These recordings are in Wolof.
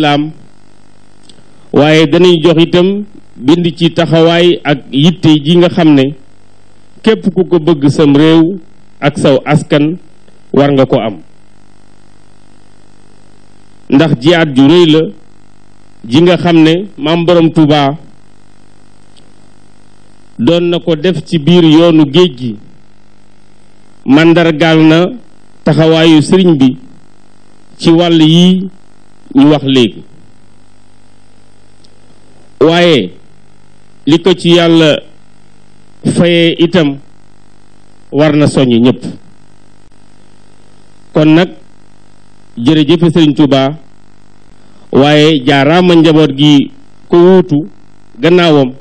lislaam waaye danañ jox itam bind ci taxawaay ak yitte ji nga xam ne képp ku ko bëgg sam réew ak saw askan war nga ko am ndax jiyaat ju réy la ji nga xam ne maam borom Tuuba doon na ko def ci biir yoonu géej gi màndargaal na taxawaayu sëriñ bi ci wàll yi mu wax léegi waaye li ko ci yàlla fayee itam war na soññ ñëpp kon nag jërëjëf Sëriñ Tuuba waaye jaaraama njaboot gi ko wuutu gannaawam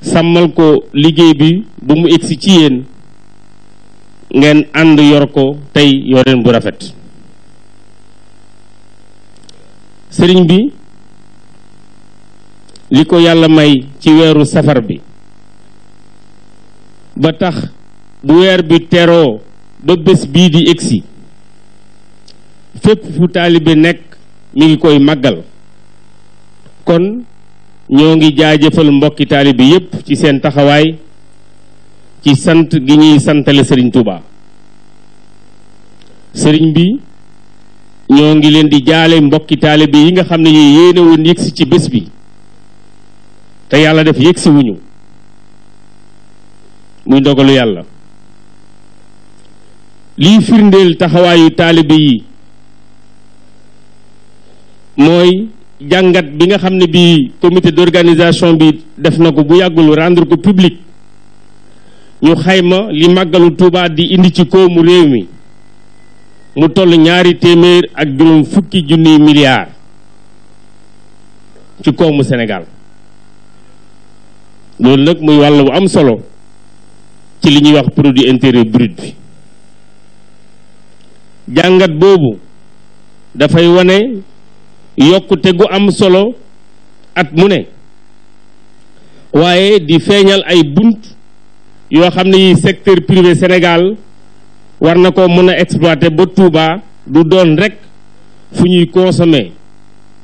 sàmmal ko liggéey bi bu mu egsi ci yéen ngeen ànd yor ko tey yoreen bu rafet sëriñ bi li ko yàlla may ci weeru safar bi ba tax bu weer bi teroo ba bii di egsi fépp fu taalibe nekk mi ngi koy màggal kon ñoo ngi jaajëfal mbokki taalibe yépp ci seen taxawaay ci sant gi ñuy santale sëriñ Touba sëriñ bi ñoo ngi leen di jaale mbokki taalibe yi nga xam ne yi yéene woon yëgsi ci bés bi te yàlla def yëgsi wuñu muy dogalu yàlla lii firndeel taxawaayu taalibe yi mooy jàngat bi nga xam ne bii comité d'organisation bi def na ko bu yàggul rendre ko public ñu xayma li màggalu Tuubaa di indi ci koomu réew mi mu toll ñaari téeméer ak juróom fukki junniy milliards ci koomu Sénégal loolu nag muy wàll bu am solo ci li ñuy wax produit intérieur brut bi jàngat boobu dafay wane yokkute gu am solo at mu ne waaye di feeñal ay bunt yoo xam ne yi secteur privé Sénégal war na ko mën a exploiter ba Touba du doon rek fu ñuy consommer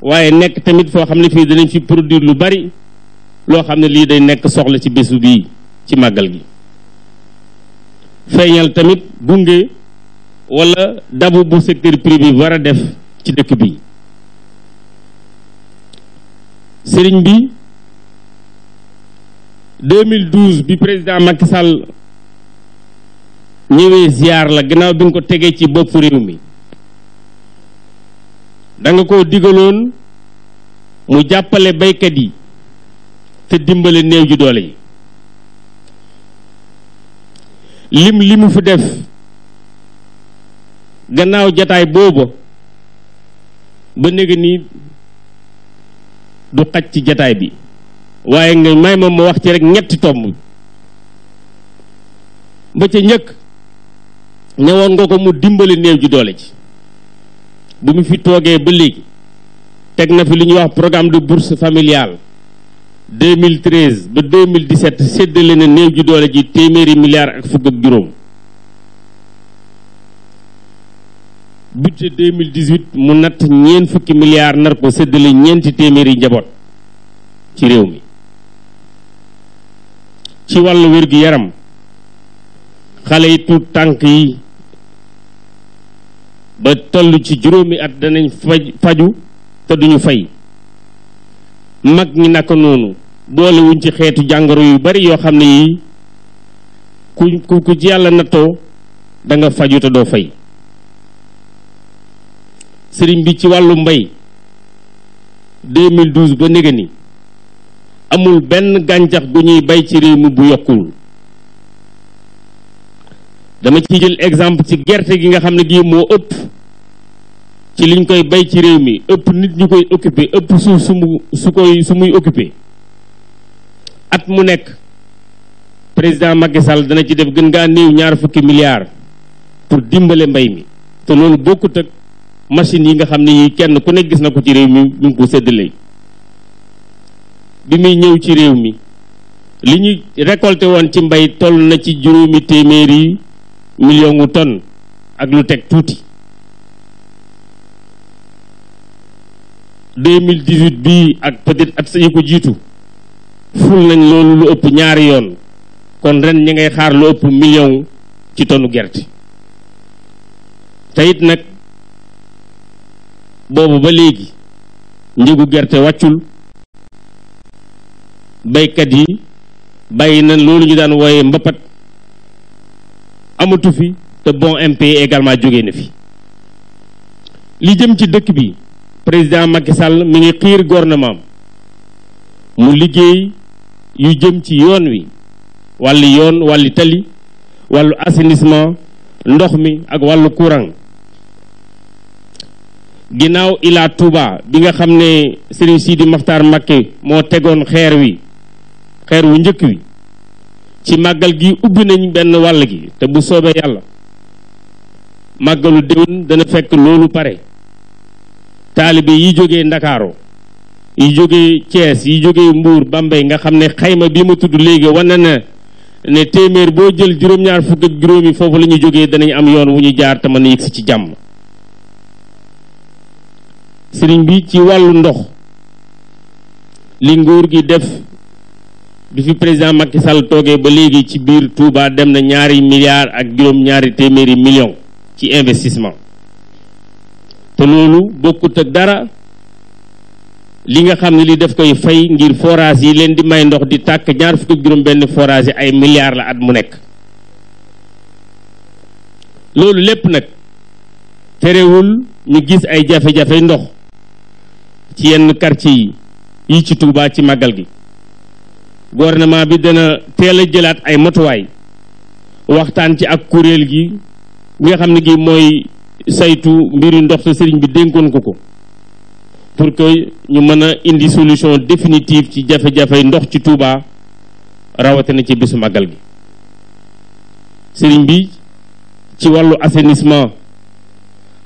waaye nekk tamit foo xam ne fii danañ ci produire lu bari loo xam ne lii day nekk soxla ci bésu bi ci màggal gi feeñal tamit gunge wala dabu bu secteur privé war a def ci dëkk bi sëriñ bi 2012 bi président Macky ñëwee ziar la gannaaw bi nga ko tegee ci bopp réew mi danga ko diggaloon mu jàppale baykat yi te dimbale néew ji doole yi lim limu fi def gannaaw jataay booba ba néega nii du xaj ci jataay bi waaye nga may ma ma wax ci rek ñetti tomb ba ca njëkk ñëwoon nga ko mu dimbali neew ji doole ji bu mu fi toogee ba léegi teg na fi lu ñuy wax programme de bourse familiale 2013 ba 2017 séddale na néew ji doole ji téeméeri milliards ak fukk ak juróom budget 2018 mu natt ñeen fukki milliard nar ko séddale ñeenti téeméeri njaboot ci réew mi ci wàllu wér-gi-yaram xale yi tuut tànk yi ba tollu ci juróomi at danañ faju te duñu fay mag ñi naka noonu boole wuñ ci xeetu jàngoro yu bari yoo xam ne ku ku ci yàlla nattoo da nga faju te doo fay sëriñ bi ci wàllu mbay 2012 ba néga ni amul benn gàncax gu ñuy bay ci réew mi bu yokkul dama ci jël exemple ci gerte gi nga xam ne gii moo ci liñ koy bay ci réew mi ëpp nit ñu koy occupé ëpp su sumu su koy su muy occupé at mu nekk président Macky Sall dana ci def gën ngaa néew ñaar fukki milliards pour dimbale mbay mi te loolu bokkut ak machine yi nga xam ne yi kenn ku nekk gis na ko ci réew mi ñu ngi ko séddale bi muy ñëw ci réew mi li ñu récolté woon ci mbay toll na ci juróomi téeméeri millions wu tonne ak lu teg tuuti deux mille dix huit bii ak peut-être at yi ko jiitu ful nañ loolu lu ëpp ñaari yoon kon ren ñi ngay xaar lu ëpp million ci tonu gerte te nag boobu ba léegi njëgu gerte wàccul baykat yi bàyyi na loolu ñu daan wooye mbapat amatu fi te bon MP e également jóge na fi li jëm ci dëkk bi président Macky Sall mi ngi xiir gouvernement mu liggéey yu jëm ci yoon wi wàllu yoon wàllu tali wàllu assainissement ndox mi ak wàllu courant ginnaaw Ila Touba bi nga xam ne Serigne Sidi Maxtaar Mbacké moo tegoon xeer wi xeer wu njëkk wi ci màggal gi ubbi nañ benn wàll gi te bu soobee yàlla màggalu déwén dana fekk loolu pare taalibe yi jógee ndakaaru yi jóge Thiès yi jóge mbuur Bambey nga xam ne xayma bi ma tudd léegi wane na ne téeméer boo jël juróom-ñaar fukk ak juróomi foofu la ñu jógee danañ am yoon wu ñu jaar te mën a ci jàmm sëriñ bi ci wàllu ndox li nguur gi def bi fi président Macky sal toogee ba léegi ci biir Touba dem na ñaari milliards ak juróom-ñaari téeméeri million ci investissement te loolu bokkut ak dara li nga xam ne li daf koy fay ngir forage yi leen di may ndox di tàkk ñaar fukk juróom benn forage ay milliards la at mu nekk loolu lépp nag terewul ñu gis ay jafe-jafe ndox ci yenn quartier yi yi ci tuubaa ci màggal gi gouvernement bi dana teel a jëlaat ay matuwaay waxtaan ci ak kuréel gi nga xam ne gi mooy saytu mbiri ndox te sëriñ bi dénkoon ko ko pour que ñu mën a indi solution définitive ci jafe-jafey ndox ci Touba rawatina ci bisu màggal gi sëriñ bi ci wàllu assainissement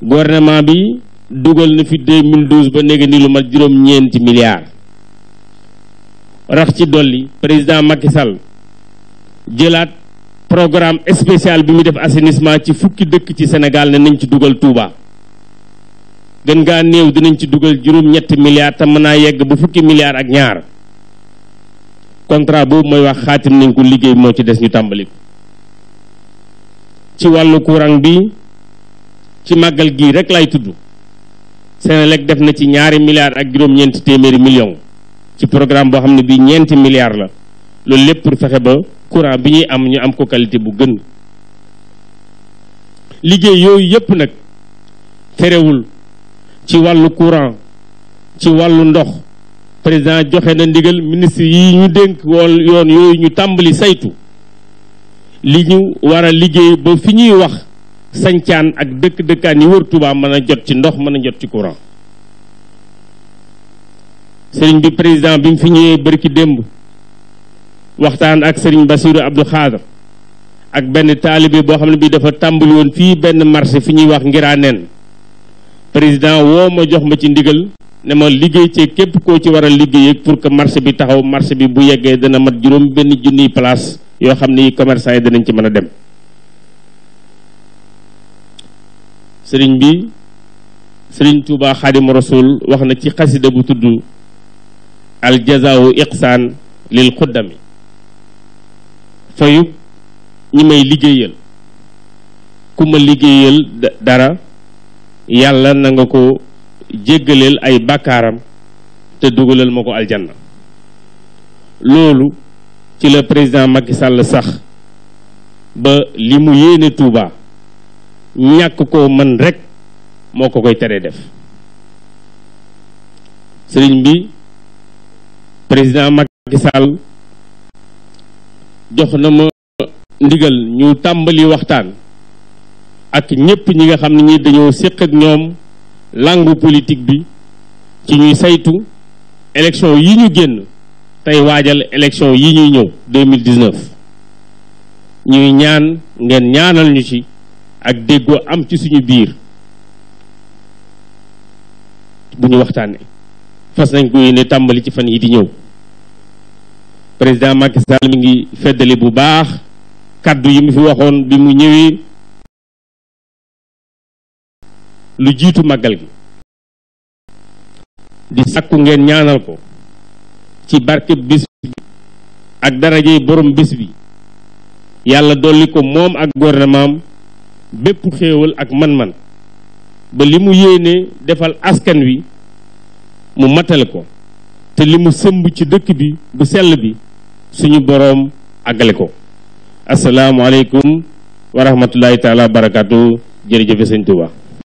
gouvernement bi dugal na fi 2012 ba léegi ni lu mat juróom-ñeenti milliards rax ci dolli président Macky jëlaat Program spécial bi mu def assainissement ci fukki dëkk ci Sénégal ne nañ ci dugal Touba gën nga néew dinañ ci dugal juróom ñett milliards ta mëna yegg bu fukki milliards ak ñaar contrat boobu mooy wax xaatim nañ ko liggéey moo ci des ñu tàmbali ci wàllu courant bi ci màggal gii rek lay tudd Senelec def na ci ñaari milliards ak juróom-ñeenti téeméeri millions ci programme boo xam ne bii ñeenti la loolu lépp pour fexe ba courant bi ñuy am ñu am ko qualité bu gën liggéey yooyu yépp nag terewul ci wàllu courant ci wàllu ndox président joxe na ndigal ministre yi ñu dénk yoon yooyu ñu tàmbali saytu li ñu war a liggéey ba fi ñuy wax sancaan ak dëkk-dëkkaan yi wër Touba mën a jot ci ndox mën a jot ci courant sëriñ bi président bi fi ñëwee bërki démb waxtaan ak serigne Basiru Abdou Khadr ak ben taalibe bo xam bi dafa tambul won fi ben marché fi ñuy wax Ngiraaneen président wo ma jox ma ci ndigal ne ma liggéey ci képp ko ci wara a ak pour que marché bi taxaw marché bi bu yeggee dana mat juroom ben jooni place yo commerçant yi danañ ci mëna dem serigne bi serigne touba khadim rasoul waxna ci khasida bu al jazaa'u iqsaan lil xuddami fayub ñi may liggéeyal ku ma liggéeyal dara yàlla na nga ko jéggaleel ay bàkkaaram te dugalal ma ko aljanna loolu ci la président Macky Sall sax ba li mu yéene Touba ñàkk ko man rek moo ko koy teree def sëriñ bi président Macky jox na ma ndigal ñu tàmbali waxtaan ak ñépp ñi nga xam ne ñi dañoo séq ak ñoom langue politik bi ci ñuy saytu élection yi ñu génn tey waajal élection yi ñuy ñëw 2019 ñuy ñaan ngeen ñaanal ñu ci ak déggoo am ci suñu biir bu ñu waxtaanee fas nañ ko yéene tàmbali ci fan yi di ñëw président Macky Sall mi ngi feddali bu baax kàddu yi mu fi waxoon bi mu ñëwee lu jiitu màggal gi di sàkku ngeen ñaanal ko ci barke bis bi ak darajey borom bis bi yàlla dolli ko moom ak gouvernement bépp xéewal ak man-man ba limu yéene defal askan wi mu matale ko te limu sëmb ci dëkk bi bu sell bi suñu borom agalé ko alaykum wa rahmatullahi taala barakatuh. jeri jeufé señ touba